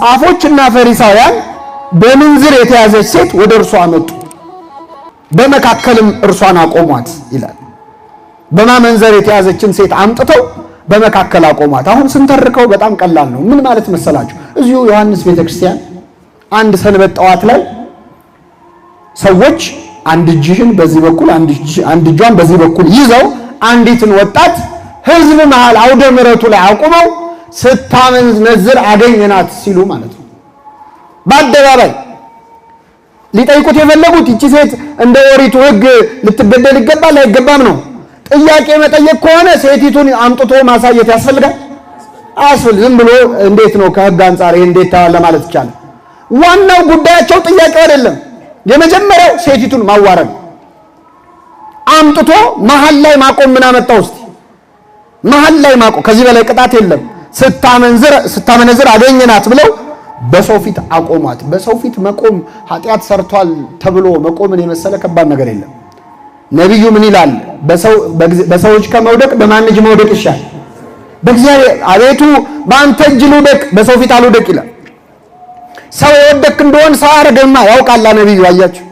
ጻፎችና ፈሪሳውያን በምንዝር የተያዘች ሴት ወደ እርሷ መጡ፣ በመካከልም እርሷን አቆሟት ይላል። በማመንዘር የተያዘችን ሴት አምጥተው በመካከል አቆሟት። አሁን ስንተርከው በጣም ቀላል ነው። ምን ማለት መሰላችሁ? እዚሁ ዮሐንስ ቤተክርስቲያን አንድ ሰንበት ጠዋት ላይ ሰዎች አንድ እጅህን በዚህ በኩል አንድ እጇን በዚህ በኩል ይዘው አንዲትን ወጣት ህዝብ መሃል አውደ ምሕረቱ ላይ አቁመው ስታመነዝር አገኘናት ሲሉ ማለት ነው። በአደባባይ ሊጠይቁት የፈለጉት ይቺ ሴት እንደ ኦሪቱ ሕግ ልትበደል ይገባል አይገባም ነው። ጥያቄ መጠየቅ ከሆነ ሴቲቱን አምጥቶ ማሳየት ያስፈልጋል። አስፈል ዝም ብሎ እንዴት ነው ከሕግ አንጻር ይሄ እንዴት ለማለት ይቻላል። ዋናው ጉዳያቸው ጥያቄው አይደለም። የመጀመሪያው ሴቲቱን ማዋረድ አምጥቶ መሀል ላይ ማቆም ምን አመጣው? እስቲ መሀል ላይ ማቆም። ከዚህ በላይ ቅጣት የለም። ስታመነዝር አገኘናት ብለው በሰው ፊት አቆሟት። በሰው ፊት መቆም ኃጢአት ሰርቷል ተብሎ መቆምን የመሰለ ከባድ ነገር የለም። ነቢዩ ምን ይላል? በሰዎች ከመውደቅ በማን እጅ መውደቅ ይሻል? በእግዚአብሔር አቤቱ በአንተ እጅ ልውደቅ፣ በሰው ፊት አልውደቅ ይላል። ሰው የወደቅ እንደሆን ሰው አርገማ ያውቃላ። ነቢዩ አያችሁ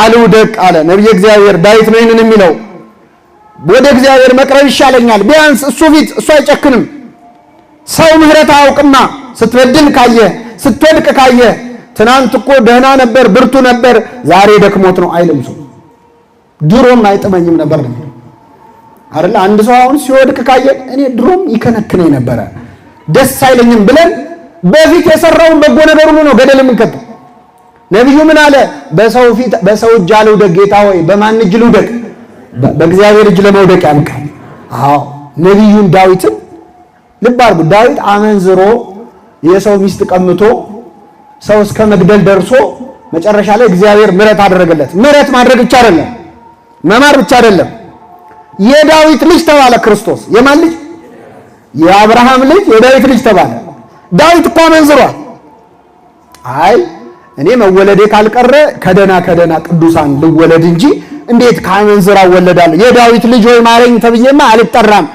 አልውደቅ አለ ነቢይ እግዚአብሔር ዳዊት ነው ይህንን የሚለው ወደ እግዚአብሔር መቅረብ ይሻለኛል፣ ቢያንስ እሱ ፊት እሱ አይጨክንም ሰው ምህረት አያውቅማ። ስትበድል ካየ፣ ስትወድቅ ካየ፣ ትናንት እኮ ደህና ነበር ብርቱ ነበር ዛሬ ደክሞት ነው አይልም ሰው። ድሮም አይጥመኝም ነበር ነው አይደል? አንድ ሰው አሁን ሲወድቅ ካየ እኔ ድሮም ይከነክነኝ ነበረ ደስ አይለኝም ብለን በፊት የሰራውን በጎ ነገር ሁሉ ነው ገደል የምንከተው። ነቢዩ ምን አለ? በሰው ፊት በሰው እጅ አልውደቅ፣ ጌታ ሆይ በማን እጅ ልውደቅ? በእግዚአብሔር እጅ ለመውደቅ ያምቃል። አዎ ነቢዩን ዳዊትን ልብ አድርጉ። ዳዊት አመንዝሮ የሰው ሚስት ቀምቶ ሰው እስከ መግደል ደርሶ መጨረሻ ላይ እግዚአብሔር ምሕረት አደረገለት። ምሕረት ማድረግ ብቻ አይደለም፣ መማር ብቻ አይደለም። የዳዊት ልጅ ተባለ ክርስቶስ። የማን ልጅ? የአብርሃም ልጅ የዳዊት ልጅ ተባለ። ዳዊት እኮ አመንዝሯል። አይ እኔ መወለዴ ካልቀረ ከደና ከደና ቅዱሳን ልወለድ እንጂ እንዴት ከአመንዝራ እወለዳለሁ? የዳዊት ልጅ ሆይ ማረኝ ተብዬማ አልጠራም።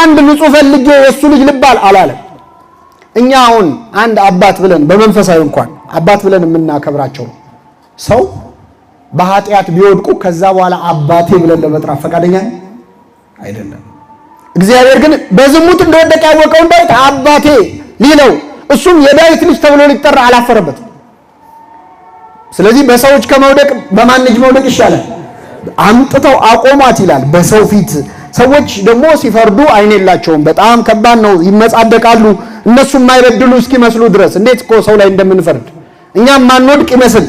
አንድ ንጹህ ፈልጌ የእሱ ልጅ ልባል አላለም። እኛ አሁን አንድ አባት ብለን በመንፈሳዊ እንኳን አባት ብለን የምናከብራቸው ሰው በኃጢአት ቢወድቁ ከዛ በኋላ አባቴ ብለን ለመጥራት ፈቃደኛ አይደለም። እግዚአብሔር ግን በዝሙት እንደወደቀ ያወቀውን ዳዊት አባቴ ሊለው እሱም የዳዊት ልጅ ተብሎ ሊጠራ አላፈረበትም። ስለዚህ በሰዎች ከመውደቅ በማን ልጅ መውደቅ ይሻላል? አምጥተው አቆሟት ይላል በሰው ፊት ሰዎች ደግሞ ሲፈርዱ አይን የላቸውም። በጣም ከባድ ነው። ይመጻደቃሉ። እነሱ የማይበድሉ እስኪመስሉ ድረስ እንዴት እኮ ሰው ላይ እንደምንፈርድ እኛም ማንወድቅ ይመስል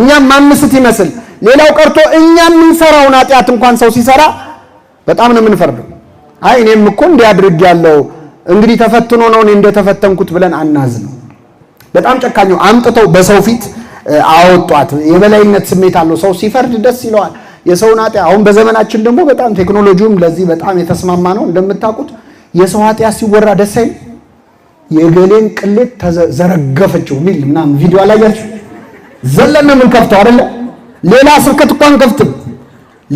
እኛም ማንስት ይመስል ሌላው ቀርቶ እኛ የምንሰራውን ኃጢአት እንኳን ሰው ሲሰራ በጣም ነው የምንፈርደው። አይ እኔም እኮ እንዲያድርግ ያለው እንግዲህ ተፈትኖ ነው እኔ እንደተፈተንኩት ብለን አናዝ ነው። በጣም ጨካኝ አምጥተው በሰው ፊት አወጧት። የበላይነት ስሜት አለው። ሰው ሲፈርድ ደስ ይለዋል። የሰውን ኃጢያ አሁን በዘመናችን ደግሞ በጣም ቴክኖሎጂውም ለዚህ በጣም የተስማማ ነው። እንደምታውቁት የሰው ኃጢያ ሲወራ ደስ አይል። የእገሌን ቅሌት ተዘረገፈችው ሚል ምናምን ቪዲዮ አላያችሁ? ዘለን ነው የምንከፍተው አይደለ? ሌላ ስብከት እኮ አንከፍትም።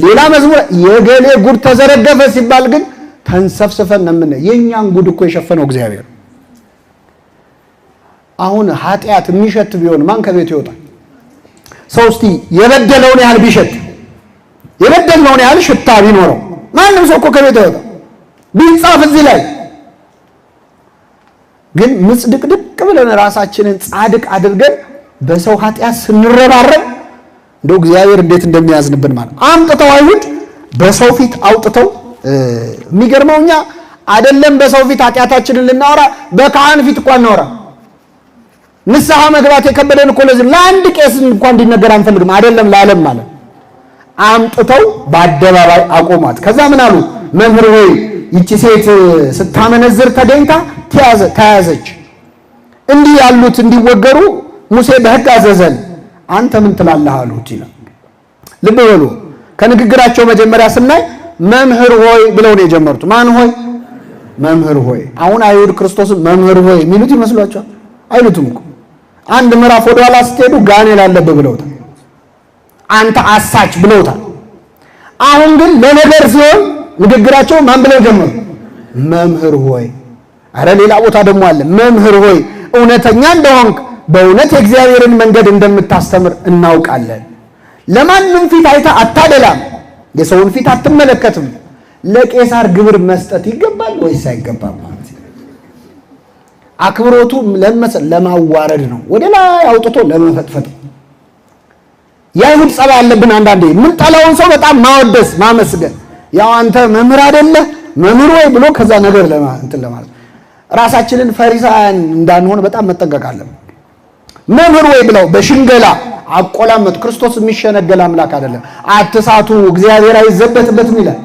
ሌላ መዝሙር የእገሌ ጉድ ተዘረገፈ ሲባል ግን ተንሰፍስፈን ነው የምንለው። የእኛን ጉድ እኮ የሸፈነው እግዚአብሔር። አሁን ኃጢአት የሚሸት ቢሆን ማን ከቤቱ ይወጣል? ሰው እስቲ የበደለውን ያህል ቢሸት የበደልነውን ያህል ሽታ ቢኖረው ማንም ሰው እኮ ከቤት ወጣ ቢጻፍ እዚህ ላይ ግን ምጽድቅድቅ ብለን ራሳችንን ጻድቅ አድርገን በሰው ኃጢአት ስንረባረብ እንደው እግዚአብሔር እንዴት እንደሚያዝንብን ማለት አምጥተው አይሁድ በሰው ፊት አውጥተው የሚገርመው እኛ አይደለም በሰው ፊት ኃጢአታችንን ልናወራ በካህን ፊት እንኳን እናወራ ንስሐ መግባት የከበደን እኮ ለዚህ ለአንድ ቄስ እንኳን እንዲነገር አንፈልግም አይደለም ለዓለም ማለት አምጥተው በአደባባይ አቆሟት። ከዛ ምን አሉ? መምህር ወይ ይቺ ሴት ስታመነዝር ተደኝታ ተያዘች፣ እንዲህ ያሉት እንዲወገሩ ሙሴ በሕግ አዘዘን፣ አንተ ምን ትላለህ አሉት ይላል። ልብ በሉ ከንግግራቸው መጀመሪያ ስናይ መምህር ሆይ ብለው ነው የጀመሩት። ማን ሆይ? መምህር ሆይ። አሁን አይሁድ ክርስቶስን መምህር ሆይ የሚሉት ይመስሏቸዋል? አይሉትም እኮ አንድ ምዕራፍ ወደኋላ ስትሄዱ ጋኔል አለብህ ብለውታል። አንተ አሳች ብለውታል። አሁን ግን ለነገር ሲሆን ንግግራቸው ማን ብለው ጀመሩ? መምህር ሆይ። አረ ሌላ ቦታ ደግሞ አለ። መምህር ሆይ እውነተኛ እንደሆንክ በእውነት የእግዚአብሔርን መንገድ እንደምታስተምር እናውቃለን። ለማንም ፊት አይታ አታደላም፣ የሰውን ፊት አትመለከትም። ለቄሳር ግብር መስጠት ይገባል ወይስ አይገባም? ማለት አክብሮቱ ለመሰ ለማዋረድ ነው፣ ወደ ላይ አውጥቶ ለመፈጥፈጥ የአይሁድ ጸባይ ያለብን አንዳንዴ የምንጠላውን ሰው በጣም ማወደስ ማመስገን፣ ያው አንተ መምህር አይደለ መምህር ወይ ብሎ ከዛ ነገር እንትን ለማለት ራሳችንን ፈሪሳውያን እንዳንሆን በጣም መጠንቀቅ አለብን። መምህር ወይ ብለው በሽንገላ አቆላመጡ። ክርስቶስ የሚሸነገል አምላክ አይደለም። አትሳቱ፣ እግዚአብሔር አይዘበትበትም ይላል።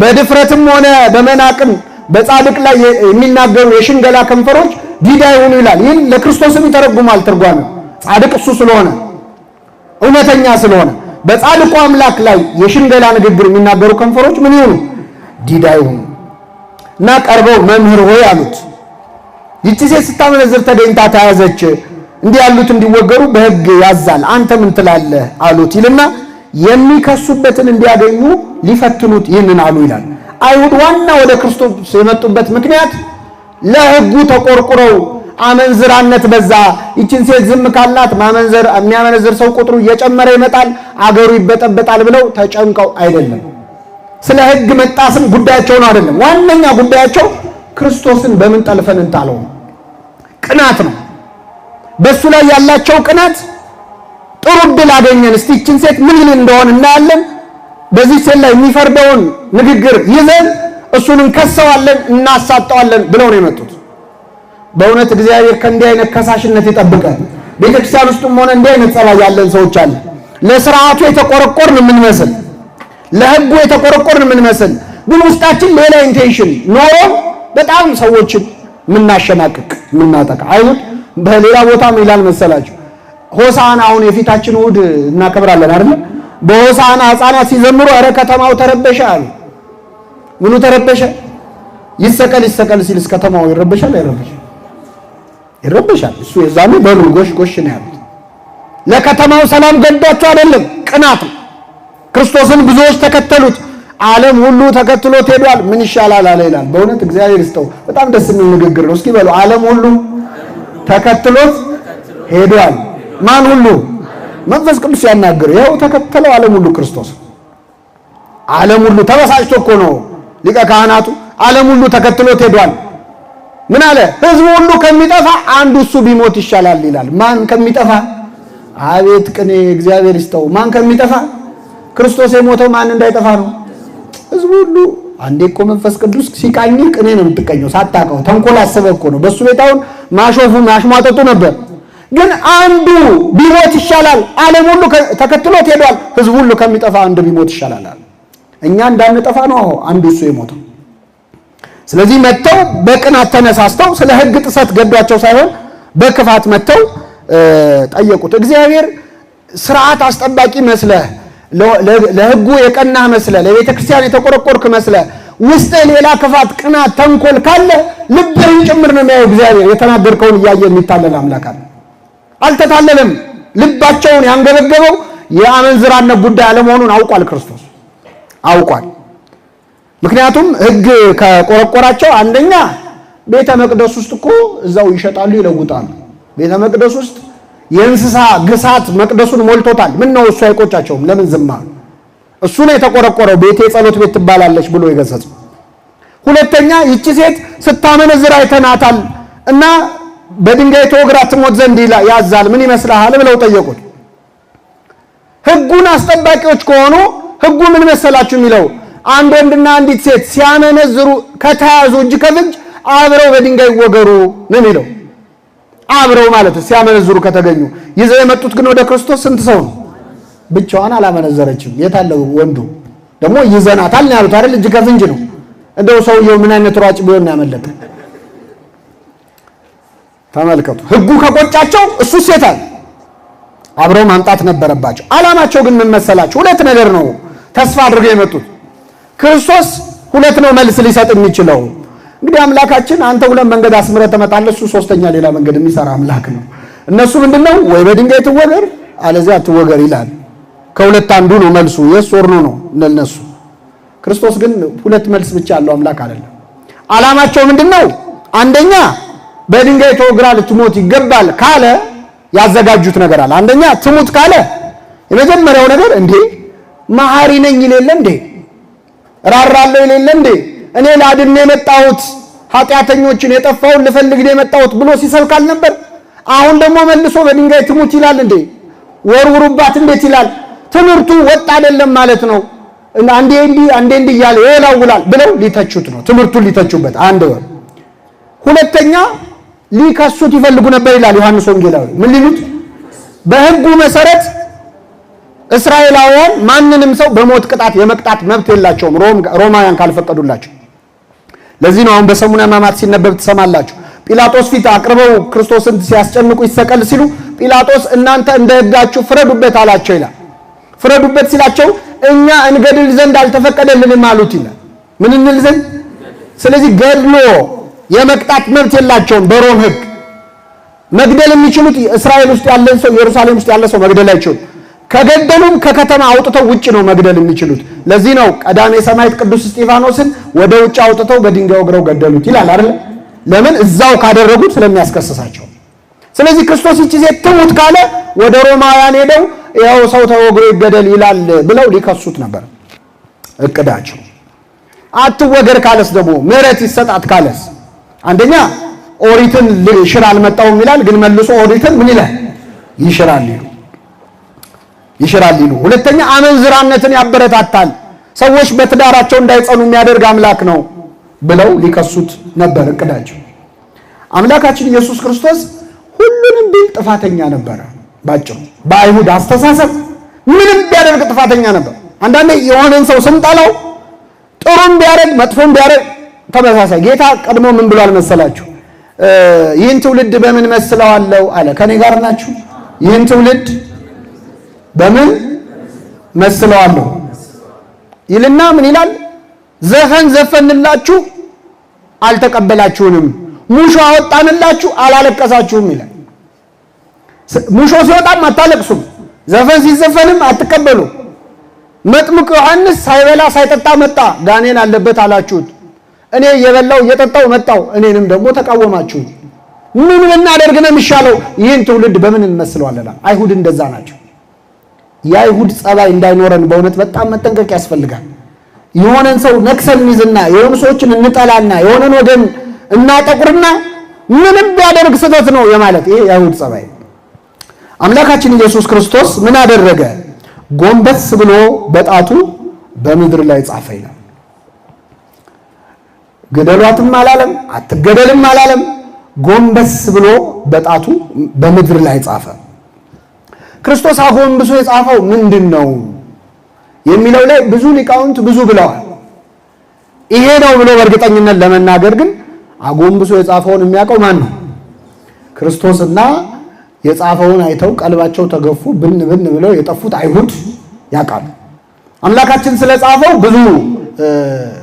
በድፍረትም ሆነ በመናቅም በጻድቅ ላይ የሚናገሩ የሽንገላ ከንፈሮች ዲዳ ይሁኑ ይላል። ይህን ለክርስቶስም ይተረጉማል ትርጓሜው ጻድቅ እሱ ስለሆነ እውነተኛ ስለሆነ በጻድቁ አምላክ ላይ የሽንገላ ንግግር የሚናገሩ ከንፈሮች ምን ይሆኑ ዲዳ ይሁኑ። እና ቀርበው መምህር ሆይ አሉት። ይቺ ሴት ስታመነዝር ተገኝታ ተያዘች፣ እንዲህ ያሉት እንዲወገሩ በሕግ ያዛል፣ አንተ ምን ትላለህ አሉት ይልና የሚከሱበትን እንዲያገኙ ሊፈትኑት ይህንን አሉ ይላል። አይሁድ ዋና ወደ ክርስቶስ የመጡበት ምክንያት ለሕጉ ተቆርቁረው አመንዝራነት በዛ። ይችን ሴት ዝም ካላት ማመንዘር የሚያመነዝር ሰው ቁጥሩ እየጨመረ ይመጣል፣ አገሩ ይበጠበጣል ብለው ተጨንቀው አይደለም። ስለ ሕግ መጣስም ጉዳያቸው ነው አይደለም። ዋነኛ ጉዳያቸው ክርስቶስን በምን ጠልፈን እንጣለው ቅናት ነው። በእሱ ላይ ያላቸው ቅናት ጥሩ ዕድል አገኘን። እስቲ ይችን ሴት ምን ይል እንደሆን እናያለን። በዚህ ሴት ላይ የሚፈርደውን ንግግር ይዘን እሱን እንከሰዋለን፣ እናሳጠዋለን ብለው ነው የመጡት። በእውነት እግዚአብሔር ከእንዲህ አይነት ከሳሽነት ይጠብቀን። ቤተክርስቲያን ውስጥም ሆነ እንዲህ አይነት ጸባይ ያለን ሰዎች አለ። ለስርዓቱ የተቆረቆርን የምንመስል፣ ለህጉ የተቆረቆርን የምንመስል ግን ውስጣችን ሌላ ኢንቴንሽን ኖሮ በጣም ሰዎችን የምናሸማቅቅ የምናጠቃ አይሁድ በሌላ ቦታም ይላል መሰላችሁ ሆሳና አሁን የፊታችን እሑድ እናከብራለን አይደል? በሆሳና ህፃናት ሲዘምሩ ኧረ ከተማው ተረበሸ አሉ። ምኑ ተረበሸ? ይሰቀል ይሰቀል ሲልስ ከተማው ይረበሻል አይረበሽም? ይረበሻል። እሱ የዛኔ በሩ ጎሽ ጎሽ ነው ያሉት። ለከተማው ሰላም ገዷቸው አይደለም፣ ቅናት ነው። ክርስቶስን ብዙዎች ተከተሉት፣ ዓለም ሁሉ ተከትሎት ሄዷል። ምን ይሻላል አለ ይላል። በእውነት እግዚአብሔር ይስጠው። በጣም ደስ የሚል ንግግር ነው። እስኪ በሉ ዓለም ሁሉ ተከትሎት ሄዷል። ማን ሁሉ? መንፈስ ቅዱስ ያናገረው ይኸው ተከተለው ዓለም ሁሉ ክርስቶስ። ዓለም ሁሉ ተበሳጭቶ እኮ ነው ሊቀ ካህናቱ። ዓለም ሁሉ ተከትሎት ሄዷል። ምን አለ? ህዝቡ ሁሉ ከሚጠፋ አንዱ እሱ ቢሞት ይሻላል ይላል። ማን ከሚጠፋ? አቤት ቅኔ እግዚአብሔር ይስጠው። ማን ከሚጠፋ? ክርስቶስ የሞተው ማን እንዳይጠፋ ነው። ህዝቡ ሁሉ አንዴ እኮ መንፈስ ቅዱስ ሲቃኝ ቅኔ ነው የምትቀኘው፣ ሳታውቀው ተንኮል አስበህ እኮ ነው። በሱ ቤት አሁን ማሾፉ ማሽሟጠጡ ነበር። ግን አንዱ ቢሞት ይሻላል፣ ዓለም ሁሉ ተከትሎት ሄዷል። ህዝቡ ሁሉ ከሚጠፋ አንዱ ቢሞት ይሻላል። እኛ እንዳንጠፋ ነው አንዱ እሱ የሞተው ስለዚህ መጥተው በቅናት ተነሳስተው ስለ ሕግ ጥሰት ገዷቸው ሳይሆን በክፋት መጥተው ጠየቁት። እግዚአብሔር ስርዓት አስጠባቂ መስለህ ለሕጉ የቀናህ መስለህ ለቤተ ክርስቲያን የተቆረቆርክ መስለህ ውስጥ ሌላ ክፋት፣ ቅናት፣ ተንኮል ካለ ልብህን ጭምር ነው የሚያየው እግዚአብሔር። የተናገርከውን እያየ የሚታለል አምላክ አለ። አልተታለለም። ልባቸውን ያንገበገበው የአመንዝራነት ጉዳይ አለመሆኑን አውቋል። ክርስቶስ አውቋል። ምክንያቱም ህግ ከቆረቆራቸው አንደኛ ቤተ መቅደስ ውስጥ እኮ እዛው ይሸጣሉ ይለውጣሉ። ቤተ መቅደስ ውስጥ የእንስሳ ግሳት መቅደሱን ሞልቶታል። ምን ነው እሱ አይቆጫቸውም? ለምን ዝማ እሱ ነው የተቆረቆረው። ቤቴ ጸሎት ቤት ትባላለች ብሎ የገሰጸው። ሁለተኛ ይቺ ሴት ስታመነዝር አይተናታል እና በድንጋይ ተወግራ ትሞት ዘንድ ያዛል፣ ምን ይመስልሃል ብለው ጠየቁት። ህጉን አስጠባቂዎች ከሆኑ ህጉ ምን መሰላችሁ የሚለው አንድ ወንድና አንዲት ሴት ሲያመነዝሩ ከተያዙ እጅ ከፍንጅ አብረው በድንጋይ ወገሩ ነው የሚለው። አብረው ማለት ነው ሲያመነዝሩ ከተገኙ። ይዘው የመጡት ግን ወደ ክርስቶስ ስንት ሰው ነው? ብቻዋን አላመነዘረችም። የታለው ወንዱ? ደግሞ ይዘናታል ነው ያሉት አይደል? እጅ ከፍንጅ ነው። እንደው ሰውየው ምን አይነት ሯጭ ቢሆን ያመለጠ? ተመልከቱ። ህጉ ከቆጫቸው እሱ ሴታል አብረው ማምጣት ነበረባቸው። አላማቸው ግን ምን መሰላቸው? ሁለት ነገር ነው ተስፋ አድርገው የመጡት ክርስቶስ ሁለት ነው መልስ ሊሰጥ የሚችለው። እንግዲህ አምላካችን አንተ ሁለት መንገድ አስምረህ ትመጣለህ፣ እሱ ሶስተኛ ሌላ መንገድ የሚሰራ አምላክ ነው። እነሱ ምንድነው ወይ በድንጋይ ትወገር አለዚያ ትወገር ይላል። ከሁለት አንዱ ነው መልሱ፣ የስ ወርኖ ነው ለነሱ። ክርስቶስ ግን ሁለት መልስ ብቻ ያለው አምላክ አይደለም። አላማቸው ምንድነው? አንደኛ በድንጋይ ተወግራ ልትሞት ይገባል ካለ ያዘጋጁት ነገር አለ። አንደኛ ትሙት ካለ የመጀመሪያው ነገር እንዴ መሐሪ ነኝ ይሌለ እንዴ ራራለው የሌለ እንዴ እኔ ላድን የመጣሁት ኃጢአተኞችን የጠፋውን ልፈልግ የመጣሁት ብሎ ሲሰብካል ነበር። አሁን ደግሞ መልሶ በድንጋይ ትሙት ይላል እንዴ? ወርውሩባት እንዴት ይላል? ትምህርቱ ወጥ አይደለም ማለት ነው። አንዴ እንዲህ አንዴ እንዲህ እያለ ይወላውላል ብለው ሊተቹት ነው። ትምህርቱን ሊተቹበት አንድ ወር። ሁለተኛ ሊከሱት ይፈልጉ ነበር ይላል ዮሐንስ ወንጌላዊ። ምን ሊሉት በህጉ መሰረት እስራኤላውያን ማንንም ሰው በሞት ቅጣት የመቅጣት መብት የላቸውም ሮማውያን ካልፈቀዱላቸው። ለዚህ ነው አሁን በሰሙነ ሕማማት ሲነበብ ትሰማላችሁ። ጲላጦስ ፊት አቅርበው ክርስቶስን ሲያስጨንቁ ይሰቀል ሲሉ ጲላጦስ እናንተ እንደ ሕጋችሁ ፍረዱበት አላቸው ይላል። ፍረዱበት ሲላቸው እኛ እንገድል ዘንድ አልተፈቀደልንም አሉት ይላል። ምን እንል ዘንድ? ስለዚህ ገድሎ የመቅጣት መብት የላቸውም በሮም ሕግ። መግደል የሚችሉት እስራኤል ውስጥ ያለን ሰው ኢየሩሳሌም ውስጥ ያለ ሰው መግደል አይችሉም። ከገደሉም ከከተማ አውጥተው ውጭ ነው መግደል የሚችሉት። ለዚህ ነው ቀዳሜ ሰማዕት ቅዱስ እስጢፋኖስን ወደ ውጭ አውጥተው በድንጋይ ወግረው ገደሉት ይላል አይደል? ለምን እዛው ካደረጉት ስለሚያስከስሳቸው። ስለዚህ ክርስቶስ እቺ ሴት ትሙት ካለ ወደ ሮማውያን ሄደው ያው ሰው ተወግሮ ይገደል ይላል ብለው ሊከሱት ነበር እቅዳቸው። አትወገር ካለስ ደግሞ ምሕረት ይሰጣት ካለስ አንደኛ ኦሪትን ሽር አልመጣውም ይላል፣ ግን መልሶ ኦሪትን ምን ይላል ይሽራል ይሽራል ይሉ። ሁለተኛ አመንዝራነትን ያበረታታል። ሰዎች በትዳራቸው እንዳይጸኑ የሚያደርግ አምላክ ነው ብለው ሊከሱት ነበር እቅዳቸው። አምላካችን ኢየሱስ ክርስቶስ ሁሉንም ቢል ጥፋተኛ ነበረ። ባጭሩ በአይሁድ አስተሳሰብ ምንም ቢያደርግ ጥፋተኛ ነበር። አንዳንዴ የሆነን ሰው ስንጠላው ጥሩም ቢያደርግ መጥፎም ቢያደርግ ተመሳሳይ። ጌታ ቀድሞ ምን ብሏል መሰላችሁ? ይህን ትውልድ በምን መስለዋለሁ አለ። ከኔ ጋር ናችሁ። ይህን ትውልድ በምን መስለዋለሁ ይልና ምን ይላል? ዘፈን ዘፈንላችሁ አልተቀበላችሁንም፣ ሙሾ አወጣንላችሁ አላለቀሳችሁም ይላል። ሙሾ ሲወጣም አታለቅሱም፣ ዘፈን ሲዘፈንም አትቀበሉ። መጥምቅ ዮሐንስ ሳይበላ ሳይጠጣ መጣ፣ ጋኔን አለበት አላችሁት። እኔ እየበላው እየጠጣው መጣው፣ እኔንም ደግሞ ተቃወማችሁት። ምን ልናደርግ ነው የሚሻለው? ይህን ትውልድ በምን እንመስለዋለን? አይሁድ እንደዛ ናቸው። የአይሁድ ጸባይ እንዳይኖረን በእውነት በጣም መጠንቀቅ ያስፈልጋል። የሆነን ሰው ነክሰን ሚዝና የሆኑ ሰዎችን እንጠላና የሆነን ወገን እናጠቁርና ምንም ቢያደርግ ስህተት ነው የማለት ይሄ የአይሁድ ጸባይ። አምላካችን ኢየሱስ ክርስቶስ ምን አደረገ? ጎንበስ ብሎ በጣቱ በምድር ላይ ጻፈ ይላል። ገደሏትም አላለም፣ አትገደልም አላለም። ጎንበስ ብሎ በጣቱ በምድር ላይ ጻፈ። ክርስቶስ አጎንብሶ የጻፈው ምንድን ነው የሚለው ላይ ብዙ ሊቃውንት ብዙ ብለዋል። ይሄ ነው ብሎ በእርግጠኝነት ለመናገር ግን አጎንብሶ የጻፈውን የሚያውቀው ማን ነው? ክርስቶስና የጻፈውን አይተው ቀልባቸው ተገፉ ብን ብን ብለው የጠፉት አይሁድ ያውቃሉ። አምላካችን ስለጻፈው ብዙ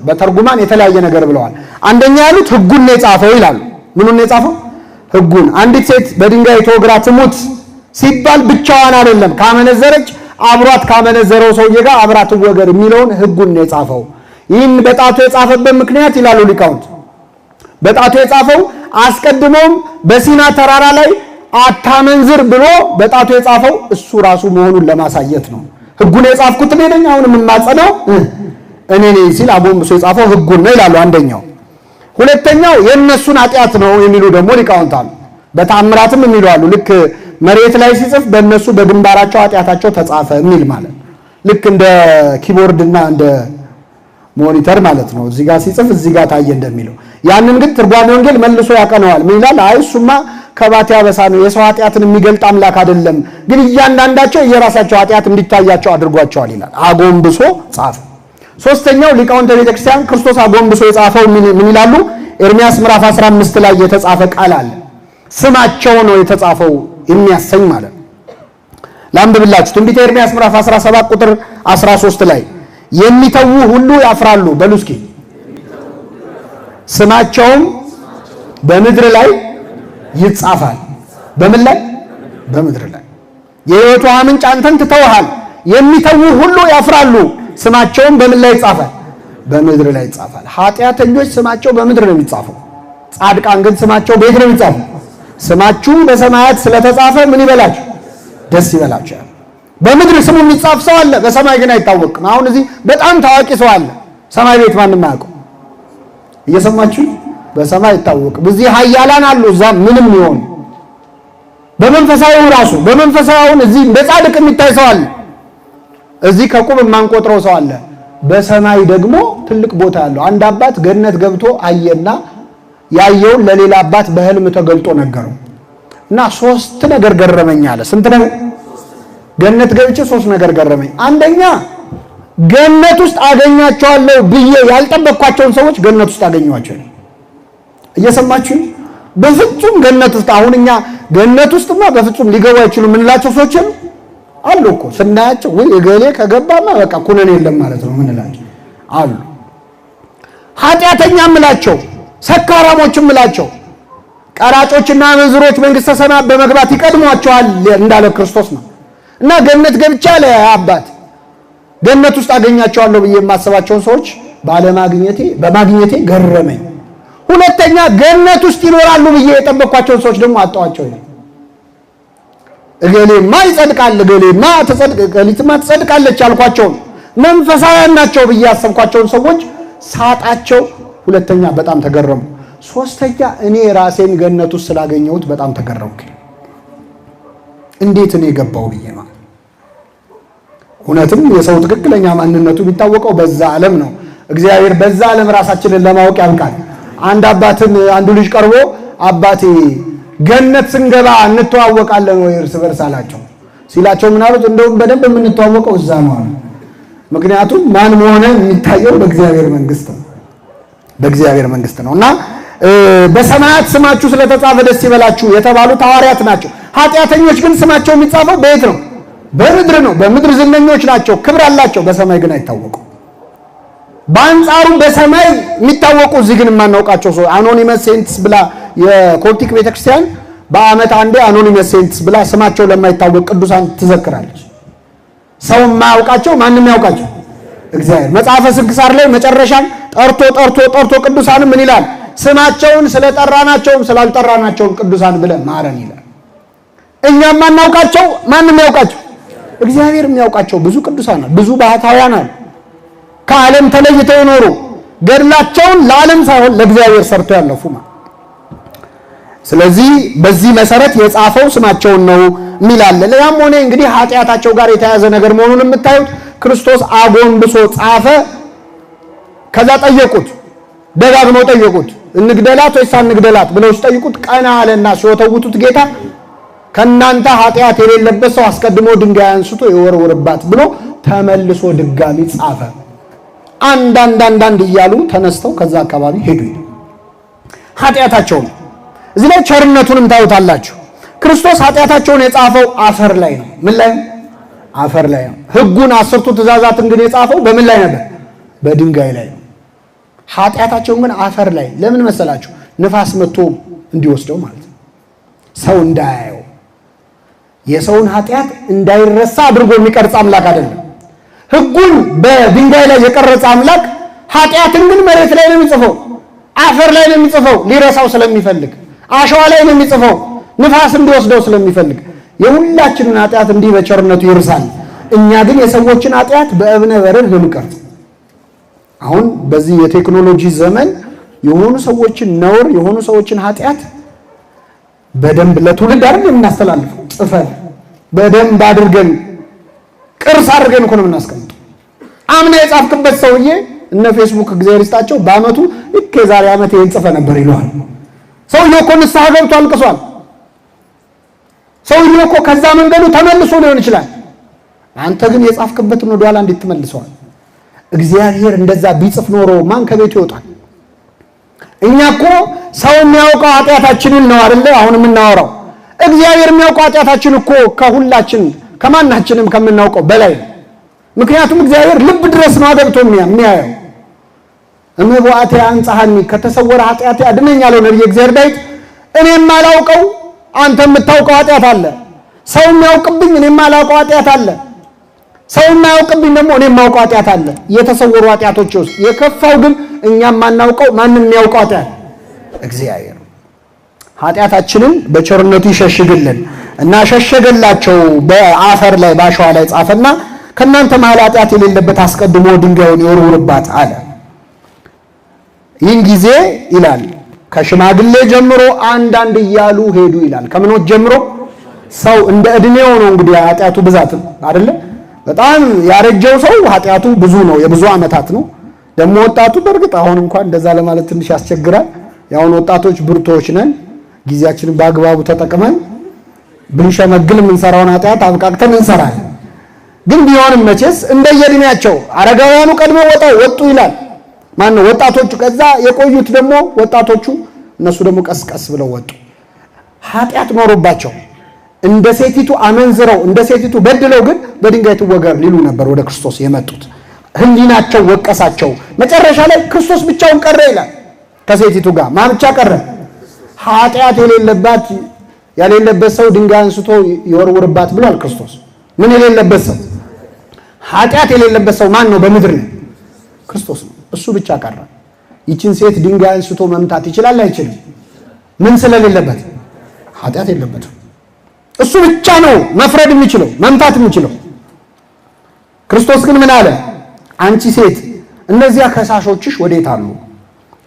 በተርጉማን የተለያየ ነገር ብለዋል። አንደኛ ያሉት ሕጉን ነው የጻፈው ይላሉ። ምኑን ነው የጻፈው? ሕጉን። አንዲት ሴት በድንጋይ ተወግራ ትሙት ሲባል ብቻዋን አይደለም። ካመነዘረች አብሯት ካመነዘረው ሰውዬ ጋር አብራ ወገር የሚለውን ህጉን ነው የጻፈው። ይህን በጣቱ የጻፈበት ምክንያት ይላሉ ሊቃውንት፣ በጣቱ የጻፈው አስቀድሞም በሲና ተራራ ላይ አታመንዝር ብሎ በጣቱ የጻፈው እሱ ራሱ መሆኑን ለማሳየት ነው። ህጉን የጻፍኩት እኔ ነኝ፣ አሁን የምማጸነው እኔ ነኝ ሲል አጎንብሶ የጻፈው ህጉን ነው ይላሉ አንደኛው። ሁለተኛው የእነሱን ኃጢአት ነው የሚሉ ደግሞ ሊቃውንት አሉ። በታምራትም የሚሉ አሉ። ልክ መሬት ላይ ሲጽፍ በእነሱ በግንባራቸው ኃጢአታቸው ተጻፈ የሚል ማለት ነው። ልክ እንደ ኪቦርድ እና እንደ ሞኒተር ማለት ነው። እዚህ ጋር ሲጽፍ እዚህ ጋር ታየ እንደሚለው ያንን ግን ትርጓሜ ወንጌል መልሶ ያቀነዋል። ምን ይላል? አይ እሱማ ከባቴ አበሳ ነው፣ የሰው ኃጢአትን የሚገልጥ አምላክ አይደለም። ግን እያንዳንዳቸው የራሳቸው ኃጢአት እንዲታያቸው አድርጓቸዋል ይላል። አጎንብሶ ጻፈ። ሶስተኛው ሊቃውንተ ቤተ ክርስቲያን ክርስቶስ አጎንብሶ የጻፈው ምን ይላሉ? ኤርሚያስ ምዕራፍ 15 ላይ የተጻፈ ቃል አለ ስማቸው ነው የተጻፈው የሚያሰኝ ማለት ነው። ላንብብላችሁ ትንቢተ ኤርምያስ ምዕራፍ 17 ቁጥር 13 ላይ የሚተዉ ሁሉ ያፍራሉ። በሉ እስኪ ስማቸውም በምድር ላይ ይጻፋል። በምን ላይ? በምድር ላይ። የህይወቱ ምንጭ አንተን ትተውሃል። የሚተዉ ሁሉ ያፍራሉ። ስማቸውም በምን ላይ ይጻፋል? በምድር ላይ ይጻፋል። ኃጢአተኞች ስማቸው በምድር ነው የሚጻፈው፣ ጻድቃን ግን ስማቸው በየት ነው የሚጻፈው? ስማችሁም በሰማያት ስለተጻፈ ምን ይበላችሁ ደስ ይበላችሁ። በምድር ስሙ የሚጻፍ ሰው አለ፣ በሰማይ ግን አይታወቅም። አሁን እዚህ በጣም ታዋቂ ሰው አለ፣ ሰማይ ቤት ማንም አያውቀው። እየሰማችሁ በሰማይ አይታወቅም። እዚህ ኃያላን አሉ፣ እዛ ምንም ይሆን በመንፈሳዊው ራሱ በመንፈሳዊውን እዚህ እንደ ጻድቅ የሚታይ ሰው አለ፣ እዚህ ከቁብ የማንቆጥረው ሰው አለ። በሰማይ ደግሞ ትልቅ ቦታ አለው አንድ አባት ገነት ገብቶ አየና ያየውን ለሌላ አባት በህልም ተገልጦ ነገረው እና ሶስት ነገር ገረመኝ አለ። ስንት ነገር? ገነት ገብቼ ሶስት ነገር ገረመኝ። አንደኛ ገነት ውስጥ አገኛቸዋለሁ ብዬ ያልጠበቅኳቸውን ሰዎች ገነት ውስጥ አገኘኋቸው። እየሰማችሁ በፍጹም ገነት ውስጥ አሁን እኛ ገነት ውስጥማ በፍጹም ሊገቡ አይችሉም የምንላቸው ሰዎች አሉ እኮ ስናያቸው፣ ወይ እገሌ ከገባማ በቃ ኩነን የለም ማለት ነው ምንላቸው አሉ። ኃጢአተኛ ምላቸው ሰካራሞችም እላቸው ቀራጮችና መንዝሮች መንግስተ ሰማያት በመግባት ይቀድሟቸዋል እንዳለ ክርስቶስ ነው። እና ገነት ገብቻ አባት ገነት ውስጥ አገኛቸዋለሁ ብዬ የማስባቸውን ሰዎች ባለማግኘቴ በማግኘቴ ገረመኝ። ሁለተኛ ገነት ውስጥ ይኖራሉ ብዬ የጠበቅኳቸውን ሰዎች ደግሞ አጣዋቸው። እገሌማ ይጸድቃል፣ እገሌማ ተጸድቅ፣ እገሊትማ ትጸድቃለች ያልኳቸውን መንፈሳውያን ናቸው ብዬ ያሰብኳቸውን ሰዎች ሳጣቸው ሁለተኛ በጣም ተገረሙ። ሶስተኛ እኔ ራሴን ገነት ውስጥ ስላገኘሁት በጣም ተገረምኩ። እንዴት እኔ ገባው ብዬ ነው። እውነትም የሰው ትክክለኛ ማንነቱ የሚታወቀው በዛ ዓለም ነው። እግዚአብሔር በዛ ዓለም ራሳችንን ለማወቅ ያብቃል። አንድ አባትን አንዱ ልጅ ቀርቦ አባቴ ገነት ስንገባ እንተዋወቃለን ወይ እርስ በርስ አላቸው። ሲላቸው ምን አሉት? እንደውም በደንብ የምንተዋወቀው እዛ ነው። ምክንያቱም ማን መሆነ የሚታየው በእግዚአብሔር መንግስት ነው። በእግዚአብሔር መንግስት ነው እና በሰማያት ስማችሁ ስለተጻፈ ደስ ይበላችሁ የተባሉት ሐዋርያት ናቸው። ኃጢአተኞች ግን ስማቸው የሚጻፈው በየት ነው? በምድር ነው። በምድር ዝነኞች ናቸው፣ ክብር አላቸው፣ በሰማይ ግን አይታወቁ። በአንጻሩ በሰማይ የሚታወቁ እዚህ ግን የማናውቃቸው ሰው አኖኒመስ ሴንትስ ብላ የኮፕቲክ ቤተክርስቲያን በአመት አንዴ አኖኒመስ ሴንትስ ብላ ስማቸው ለማይታወቅ ቅዱሳን ትዘክራለች። ሰው የማያውቃቸው ማንም ያውቃቸው እግዚአብሔር መጽሐፈ ስንክሳር ላይ መጨረሻም ጠርቶ ጠርቶ ጠርቶ ቅዱሳን ምን ይላል? ስማቸውን ስለጠራናቸውም ስላልጠራናቸውም ቅዱሳን ብለን ማረን ይላል። እኛም ማናውቃቸው ማንም ያውቃቸው እግዚአብሔር የሚያውቃቸው ብዙ ቅዱሳን አሉ፣ ብዙ ባህታውያን አሉ። ከዓለም ተለይተው ኖሩ ገድላቸውን ለዓለም ሳይሆን ለእግዚአብሔር ሰርተው ያለፉ ማለት። ስለዚህ በዚህ መሰረት የጻፈው ስማቸውን ነው የሚላለ። ያም ሆነ እንግዲህ ኃጢአታቸው ጋር የተያያዘ ነገር መሆኑን የምታዩት ክርስቶስ አጎንብሶ ጻፈ። ከዛ ጠየቁት፣ ደጋግመው ጠየቁት። እንግደላት ወይስ አንግደላት ብለው ሲጠይቁት ቀና አለና ሲወተውቱት ጌታ ከእናንተ ኃጢአት የሌለበት ሰው አስቀድሞ ድንጋይ አንስቶ የወርውርባት ብሎ ተመልሶ ድጋሚ ጻፈ። አንድ አንድ አንድ አንድ እያሉ ተነስተው ከዛ አካባቢ ሄዱ። ኃጢአታቸው እዚህ ላይ ቸርነቱንም ታዩታላችሁ። ክርስቶስ ኃጢአታቸውን የጻፈው አፈር ላይ ነው። ምን ላይ ነው? አፈር ላይ ነው። ህጉን አስርቱ ትእዛዛትን ግን የጻፈው በምን ላይ ነበር? በድንጋይ ላይ ነው። ኃጢአታቸውን ግን አፈር ላይ ለምን መሰላችሁ? ንፋስ መጥቶ እንዲወስደው ማለት ነው። ሰው እንዳያየው የሰውን ኃጢአት እንዳይረሳ አድርጎ የሚቀርጽ አምላክ አይደለም። ህጉን በድንጋይ ላይ የቀረጸ አምላክ ኃጢአትን ግን መሬት ላይ ነው የሚጽፈው፣ አፈር ላይ ነው የሚጽፈው። ሊረሳው ስለሚፈልግ አሸዋ ላይ ነው የሚጽፈው፣ ንፋስ እንዲወስደው ስለሚፈልግ የሁላችንን ኃጢአት እንዲህ በቸርነቱ ይርሳል። እኛ ግን የሰዎችን ኃጢአት በእብነ በረድ ልንቀርጽ። አሁን በዚህ የቴክኖሎጂ ዘመን የሆኑ ሰዎችን ነውር፣ የሆኑ ሰዎችን ኃጢአት በደንብ ለትውልድ አይደል የምናስተላልፈው፣ ጽፈን በደንብ አድርገን ቅርስ አድርገን እኮ ነው የምናስቀምጠው። አምና የጻፍክበት ሰውዬ እነ ፌስቡክ እግዚአብሔር ይስጣቸው በአመቱ ልክ የዛሬ ዓመት ይህን ጽፈ ነበር ይለዋል። ሰውዬ እኮ ንስሐ ገብቶ አልቅሷል። ሰው እኮ ከዛ መንገዱ ተመልሶ ሊሆን ይችላል። አንተ ግን የጻፍክበትን ወደኋላ እንዴት ትመልሰዋል? እግዚአብሔር እንደዛ ቢጽፍ ኖሮ ማን ከቤቱ ይወጣል? እኛ እኮ ሰው የሚያውቀው ኃጢአታችንን ነው አይደለ? አሁን የምናወራው እግዚአብሔር የሚያውቀው ኃጢአታችን እኮ ከሁላችን ከማናችንም ከምናውቀው በላይ ነው። ምክንያቱም እግዚአብሔር ልብ ድረስ ነው አገብቶ የሚያየው። አንጻሃኒ ከተሰወረ ኃጢአቴ አድነኝ ያለው ነቢየ እግዚአብሔር ዳዊት እኔም አላውቀው አንተ የምታውቀው ኃጢአት አለ። ሰው የሚያውቅብኝ እኔ የማላውቀው ኃጢአት አለ። ሰው የማያውቅብኝ ደግሞ እኔ የማውቀው ኃጢአት አለ። የተሰወሩ ኃጢአቶች ውስጥ የከፋው ግን እኛ የማናውቀው ማንም የሚያውቀው ኃጢአት እግዚአብሔር ኃጢአታችንን በቸርነቱ ይሸሽግልን እና ሸሸገላቸው። በአፈር ላይ ባሸዋ ላይ ጻፈና ከእናንተ መሀል ኃጢአት የሌለበት አስቀድሞ ድንጋዩን ይወርውርባት አለ። ይህን ጊዜ ይላል ከሽማግሌ ጀምሮ አንዳንድ እያሉ ሄዱ ይላል። ከምኖች ጀምሮ ሰው እንደ እድሜው ነው እንግዲህ ኃጢአቱ ብዛት አይደለ? በጣም ያረጀው ሰው ኃጢአቱ ብዙ ነው፣ የብዙ ዓመታት ነው። ደግሞ ወጣቱ በእርግጥ አሁን እንኳን እንደዛ ለማለት ትንሽ ያስቸግራል። የአሁን ወጣቶች ብርቶች ነን፣ ጊዜያችንን በአግባቡ ተጠቅመን ብንሸመግል የምንሰራውን ኃጢአት አብቃቅተን እንሰራለን። ግን ቢሆንም መቼስ እንደየእድሜያቸው አረጋውያኑ ቀድመው ወጣው ወጡ ይላል ማን ነው ወጣቶቹ። ከዛ የቆዩት ደግሞ ወጣቶቹ እነሱ ደግሞ ቀስቀስ ብለው ወጡ። ኃጢአት ኖሮባቸው እንደ ሴቲቱ አመንዝረው እንደ ሴቲቱ በድለው ግን በድንጋይ ትወገር ሊሉ ነበር ወደ ክርስቶስ የመጡት። ህሊናቸው ወቀሳቸው። መጨረሻ ላይ ክርስቶስ ብቻውን ቀረ ይላል። ከሴቲቱ ጋር ማን ብቻ ቀረ? ኃጢአት የሌለባት ያሌለበት ሰው ድንጋይ አንስቶ ይወርውርባት ብሏል ክርስቶስ። ምን የሌለበት ሰው? ኃጢአት የሌለበት ሰው ማን ነው? በምድር ነው ክርስቶስ ነው። እሱ ብቻ ቀረ። ይችን ሴት ድንጋይ አንስቶ መምታት ይችላል አይችልም? ምን ስለሌለበት? ኃጢአት የለበትም። እሱ ብቻ ነው መፍረድ የሚችለው መምታት የሚችለው። ክርስቶስ ግን ምን አለ? አንቺ ሴት እነዚያ ከሳሾችሽ ወዴት አሉ?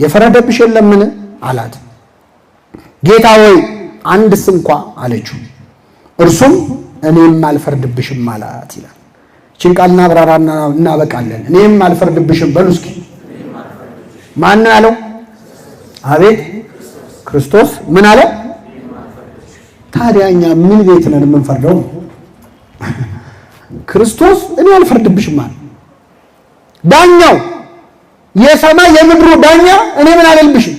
የፈረደብሽ የለምን አላት። ጌታ ሆይ አንድስ እንኳ አለችው። እርሱም እኔም አልፈርድብሽም አላት ይላል። ይችን ቃል እናብራራ እናበቃለን። እኔም አልፈርድብሽም በሉ እስኪ ማን ነው ያለው? አቤት ክርስቶስ ምን አለ? ታዲያ እኛ ምን ቤት ነን የምንፈርደው? ክርስቶስ እኔ አልፈርድብሽም አለ። ዳኛው የሰማይ የምድሩ ዳኛ እኔ ምን አልልብሽም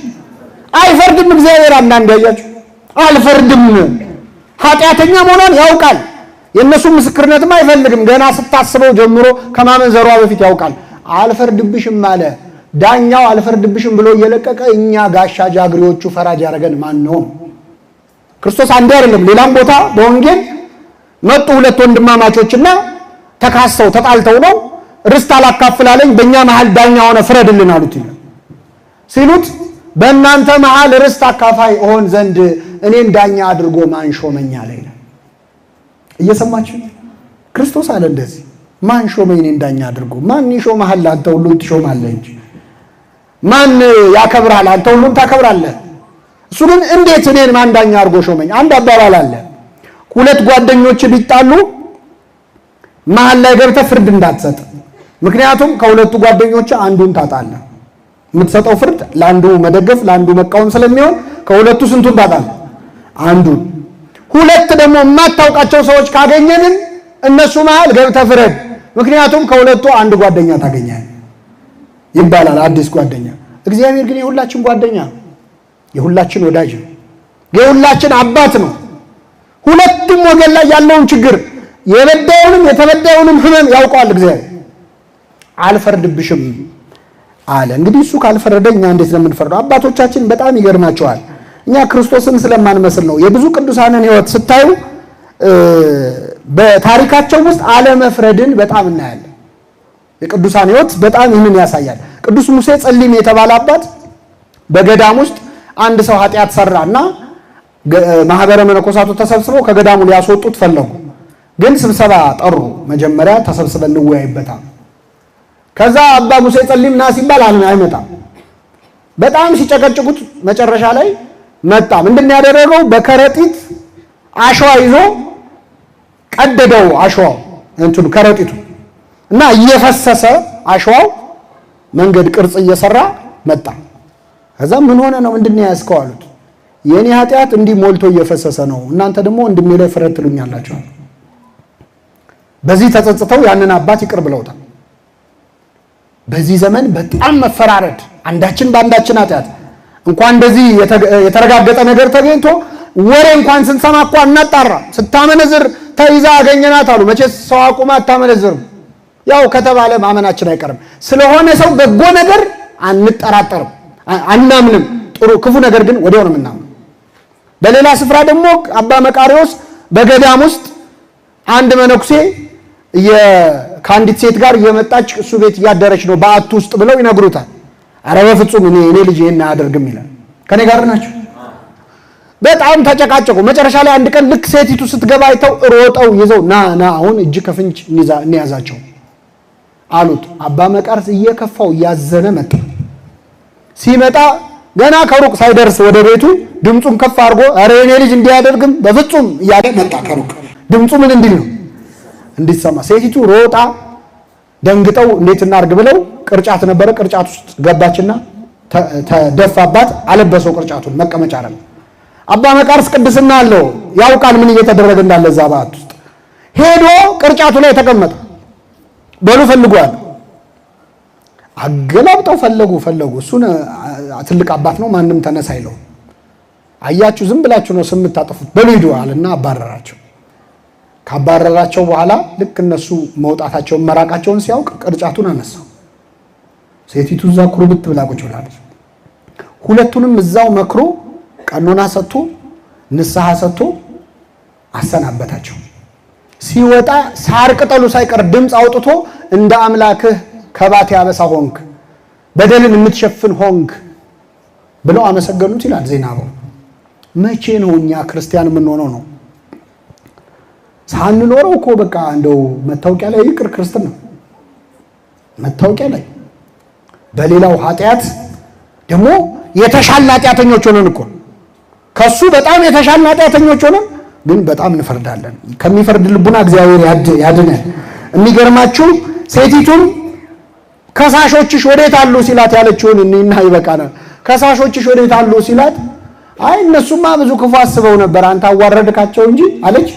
አይፈርድም። እግዚአብሔር አንዳንድ ያያችሁ አልፈርድም። ኃጢአተኛ መሆኗን ያውቃል። የእነሱን ምስክርነትም አይፈልግም። ገና ስታስበው ጀምሮ ከማመንዘሯ በፊት ያውቃል። አልፈርድብሽም አለ። ዳኛው አልፈርድብሽም ብሎ እየለቀቀ እኛ ጋሻ ጃግሬዎቹ ፈራጅ ያደረገን ማን ነው? ክርስቶስ አንዴ አይደለም፣ ሌላም ቦታ በወንጌል መጡ ሁለት ወንድማማቾችና ተካሰው ተጣልተው ነው። ርስት አላካፍላለኝ በእኛ መሀል ዳኛ ሆነ ፍረድልን አሉት ይላል። ሲሉት በእናንተ መሀል ርስት አካፋይ እሆን ዘንድ እኔን ዳኛ አድርጎ ማን ሾመኝ አለ ይላል። እየሰማችሁ ክርስቶስ አለ እንደዚህ ማን ሾመኝ እኔን ዳኛ አድርጎ? ማን ይሾመሃል? አንተ ሁሉን ትሾማለህ እንጂ ማን ያከብራል አንተ ሁሉን ታከብራለህ። እሱ ግን እንዴት እኔን ማን ዳኛ አድርጎ ሾመኝ? አንድ አባባል አለ። ሁለት ጓደኞች ቢጣሉ መሀል ላይ ገብተህ ፍርድ እንዳትሰጥ። ምክንያቱም ከሁለቱ ጓደኞች አንዱን ታጣለህ። የምትሰጠው ፍርድ ለአንዱ መደገፍ፣ ለአንዱ መቃወም ስለሚሆን ከሁለቱ ስንቱን ታጣለህ? አንዱን። ሁለት ደግሞ የማታውቃቸው ሰዎች ካገኘንን እነሱ መሀል ገብተህ ፍረድ። ምክንያቱም ከሁለቱ አንድ ጓደኛ ታገኛለህ። ይባላል አዲስ ጓደኛ። እግዚአብሔር ግን የሁላችን ጓደኛ ነው፣ የሁላችን ወዳጅ ነው፣ የሁላችን አባት ነው። ሁለቱም ወገን ላይ ያለውን ችግር የበዳውንም የተበዳውንም ህመም ያውቀዋል። እግዚአብሔር አልፈርድብሽም አለ። እንግዲህ እሱ ካልፈረደ እኛ እንዴት ነው የምንፈርደው? አባቶቻችን በጣም ይገርማቸዋል። እኛ ክርስቶስን ስለማንመስል ነው። የብዙ ቅዱሳንን ህይወት ስታዩ በታሪካቸው ውስጥ አለመፍረድን በጣም እናያለን። የቅዱሳን ህይወት በጣም ይህንን ያሳያል። ቅዱስ ሙሴ ጸሊም የተባለ አባት በገዳም ውስጥ አንድ ሰው ኃጢአት ሰራ እና ማህበረ መነኮሳቱ ተሰብስበው ከገዳሙ ሊያስወጡት ፈለጉ። ግን ስብሰባ ጠሩ። መጀመሪያ ተሰብስበን እንወያይበታል። ከዛ አባ ሙሴ ጸሊም ና ሲባል አይመጣም። በጣም ሲጨቀጭቁት መጨረሻ ላይ መጣ። ምንድን ያደረገው? በከረጢት አሸዋ ይዞ ቀደደው። አሸዋው እንትኑ ከረጢቱ እና እየፈሰሰ አሸዋው መንገድ ቅርጽ እየሰራ መጣ። ከዛም ምን ሆነ ነው ምንድን ያስከው አሉት። የእኔ ኃጢአት እንዲህ ሞልቶ እየፈሰሰ ነው፣ እናንተ ደግሞ ወንድሜ ላይ ፍረድ ትሉኛላችሁ። በዚህ ተጸጽተው ያንን አባት ይቅር ብለውታል። በዚህ ዘመን በጣም መፈራረድ፣ አንዳችን በአንዳችን ኃጢአት እንኳን እንደዚህ የተረጋገጠ ነገር ተገኝቶ ወሬ እንኳን ስንሰማ እኮ እናጣራ። ስታመነዝር ተይዛ አገኘናት አሉ። መቼ ሰው አቁማ አታመነዝርም ያው ከተባለ ማመናችን አይቀርም። ስለሆነ ሰው በጎ ነገር አንጠራጠርም፣ አናምንም። ጥሩ ክፉ ነገር ግን ወዲያው ነው የምናምነው። በሌላ ስፍራ ደግሞ አባ መቃሪዎስ በገዳም ውስጥ አንድ መነኩሴ ከአንዲት ሴት ጋር እየመጣች እሱ ቤት እያደረች ነው በአቱ ውስጥ ብለው ይነግሩታል። አረ በፍጹም እኔ እኔ ልጅ ይሄን አያደርግም ይላል። ከኔ ጋር ናቸው። በጣም ተጨቃጨቁ። መጨረሻ ላይ አንድ ቀን ልክ ሴቲቱ ስትገባ አይተው ሮጠው ይዘው ና ና አሁን እጅ ከፍንጭ እንያዛቸው አሉት። አባ መቃርስ እየከፋው እያዘነ መጣ። ሲመጣ ገና ከሩቅ ሳይደርስ ወደ ቤቱ ድምፁን ከፍ አድርጎ ኧረ የኔ ልጅ እንዲያደርግም በፍጹም እያለ መጣ። ከሩቅ ድምፁ ምን እንዲል ነው እንዲሰማ። ሴቲቱ ሮጣ ደንግጠው እንዴት እናርግ ብለው ቅርጫት ነበረ፣ ቅርጫት ውስጥ ገባችና ተደፋባት። አለበሰው ቅርጫቱን መቀመጫ አለ። አባ መቃርስ ቅድስና አለው ያውቃል ምን እየተደረገ እንዳለ እዛ ውስጥ ሄዶ ቅርጫቱ ላይ ተቀመጠ። በሉ ፈልጓል። አገላብጠው ፈለጉ ፈለጉ። እሱን ትልቅ አባት ነው፣ ማንም ተነሳ አይለው። አያችሁ ዝም ብላችሁ ነው ስም በሉ ሂዱ አለና አባረራቸው። ካባረራቸው በኋላ ልክ እነሱ መውጣታቸውን መራቃቸውን ሲያውቅ ቅርጫቱን አነሳው። ሴቲቱ እዛ ኩርብት ብላ ቁጭ ብላለች። ሁለቱንም እዛው መክሮ ቀኖና ሰጥቶ ንስሐ ሰጥቶ አሰናበታቸው። ሲወጣ ሳር ቅጠሉ ሳይቀር ድምፅ አውጥቶ እንደ አምላክህ ከባት ያበሳ ሆንክ፣ በደልን የምትሸፍን ሆንክ ብለው አመሰገኑት ይላል ዜና አበው። መቼ ነው እኛ ክርስቲያን የምንሆነው? ነው ሳንኖረው እኮ በቃ እንደው መታወቂያ ላይ ይቅር ክርስትና መታወቂያ ላይ በሌላው ኃጢአት ደግሞ የተሻል ኃጢአተኞች ሆነን እኮ ከሱ በጣም የተሻለ ኃጢአተኞች ሆነን ግን በጣም እንፈርዳለን። ከሚፈርድ ልቡና እግዚአብሔር ያድነን። የሚገርማችሁ ሴቲቱም ከሳሾችሽ ወዴት አሉ ሲላት ያለችውን እኔና ይበቃናል። ከሳሾችሽ ወዴት አሉ ሲላት አይ እነሱማ ብዙ ክፉ አስበው ነበር አንተ አዋረድካቸው እንጂ አለች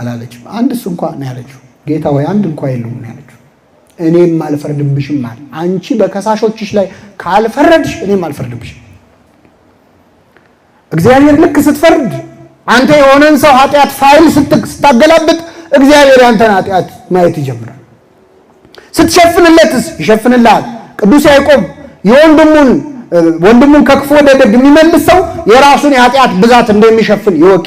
አላለችም። አንድስ እንኳ ነው ያለችው። ጌታ ወይ አንድ እንኳ የሉም ነው ያለችው። እኔም አልፈርድብሽም አለ። አንቺ በከሳሾችሽ ላይ ካልፈረድሽ እኔም አልፈርድብሽም። እግዚአብሔር ልክ ስትፈርድ አንተ የሆነን ሰው ኃጢአት ፋይል ስታገላብጥ እግዚአብሔር ያንተን ኃጢአት ማየት ይጀምራል። ስትሸፍንለትስ ይሸፍንልሃል። ቅዱስ ያዕቆብ የወንድሙን ወንድሙን ከክፉ ወደ ደግ የሚመልስ ሰው የራሱን የኃጢአት ብዛት እንደሚሸፍን ይወቅ።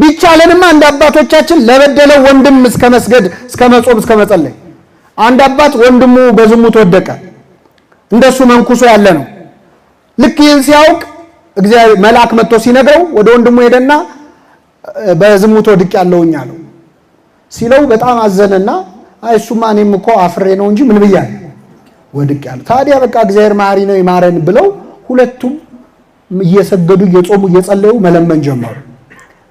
ቢቻለንማ እንደ አባቶቻችን ለበደለው ወንድም እስከ መስገድ፣ እስከ መጾም፣ እስከ መጸለይ። አንድ አባት ወንድሙ በዝሙት ወደቀ፣ እንደሱ መንኩሶ ያለ ነው። ልክ ይህን ሲያውቅ እግዚአብሔር መልአክ መጥቶ ሲነግረው ወደ ወንድሙ ሄደና በዝሙት ወድቅ ያለውኝ አለው ሲለው በጣም አዘነና አይ እሱማ እኔም እኮ አፍሬ ነው እንጂ ምን ብያለሁ ወድቅ ያለው ታዲያ በቃ እግዚአብሔር ማሪ ነው ይማረን ብለው ሁለቱም እየሰገዱ እየጾሙ እየጸለዩ መለመን ጀመሩ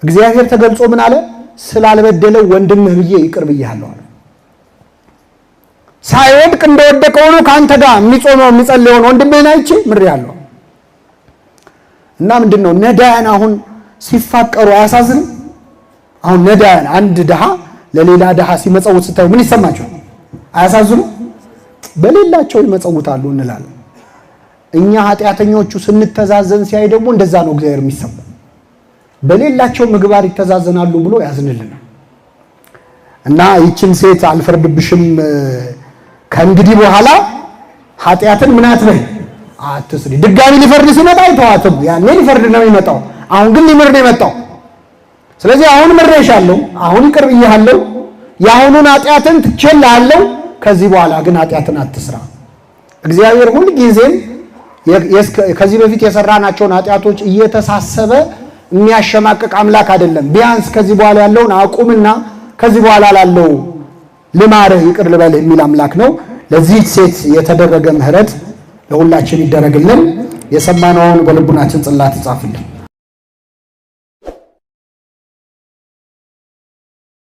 እግዚአብሔር ተገልጾ ምን አለ ስላልበደለው ወንድምህ ብዬ ይቅር ብያለሁ አለ ሳይወድቅ እንደወደቀ ሆኖ ከአንተ ጋር የሚጾመው የሚጸለየውን ወንድምህን አይቼ ምሬአለሁ እና ምንድን ነው ነዳያን አሁን ሲፋቀሩ አያሳዝንም? አሁን ነዳያን አንድ ድሃ ለሌላ ድሃ ሲመጸውት ስታዩ ምን ይሰማቸው? አያሳዝኑ? በሌላቸው ይመጸውታሉ እንላለን። እኛ ኃጢአተኞቹ ስንተዛዘን ሲያይ ደግሞ እንደዛ ነው እግዚአብሔር የሚሰማው። በሌላቸው ምግባር ይተዛዘናሉ ብሎ ያዝንልን እና ይችን ሴት አልፈርድብሽም ከእንግዲህ በኋላ ኃጢአትን ምን ነህ አትስሪ። ድጋሚ ሊፈርድ ሲመጣ አይተዋትም። ያኔ ሊፈርድ ነው የሚመጣው። አሁን ግን ሊምር ነው የመጣው። ስለዚህ አሁን ምሬሻለሁ፣ አሁን ይቅር ብዬሃለሁ፣ የአሁኑን ኃጢአትን ትቼልሃለሁ። ከዚህ በኋላ ግን ኃጢአትን አትስራ። እግዚአብሔር ሁል ጊዜም ከዚህ በፊት የሰራናቸውን ኃጢአቶች እየተሳሰበ የሚያሸማቅቅ አምላክ አይደለም። ቢያንስ ከዚህ በኋላ ያለውን አቁምና ከዚህ በኋላ ላለው ልማርህ፣ ይቅር ልበልህ የሚል አምላክ ነው። ለዚህ ሴት የተደረገ ምሕረት ለሁላችን ይደረግልን። የሰማነውን በልቡናችን ጽላት ይጻፍልን።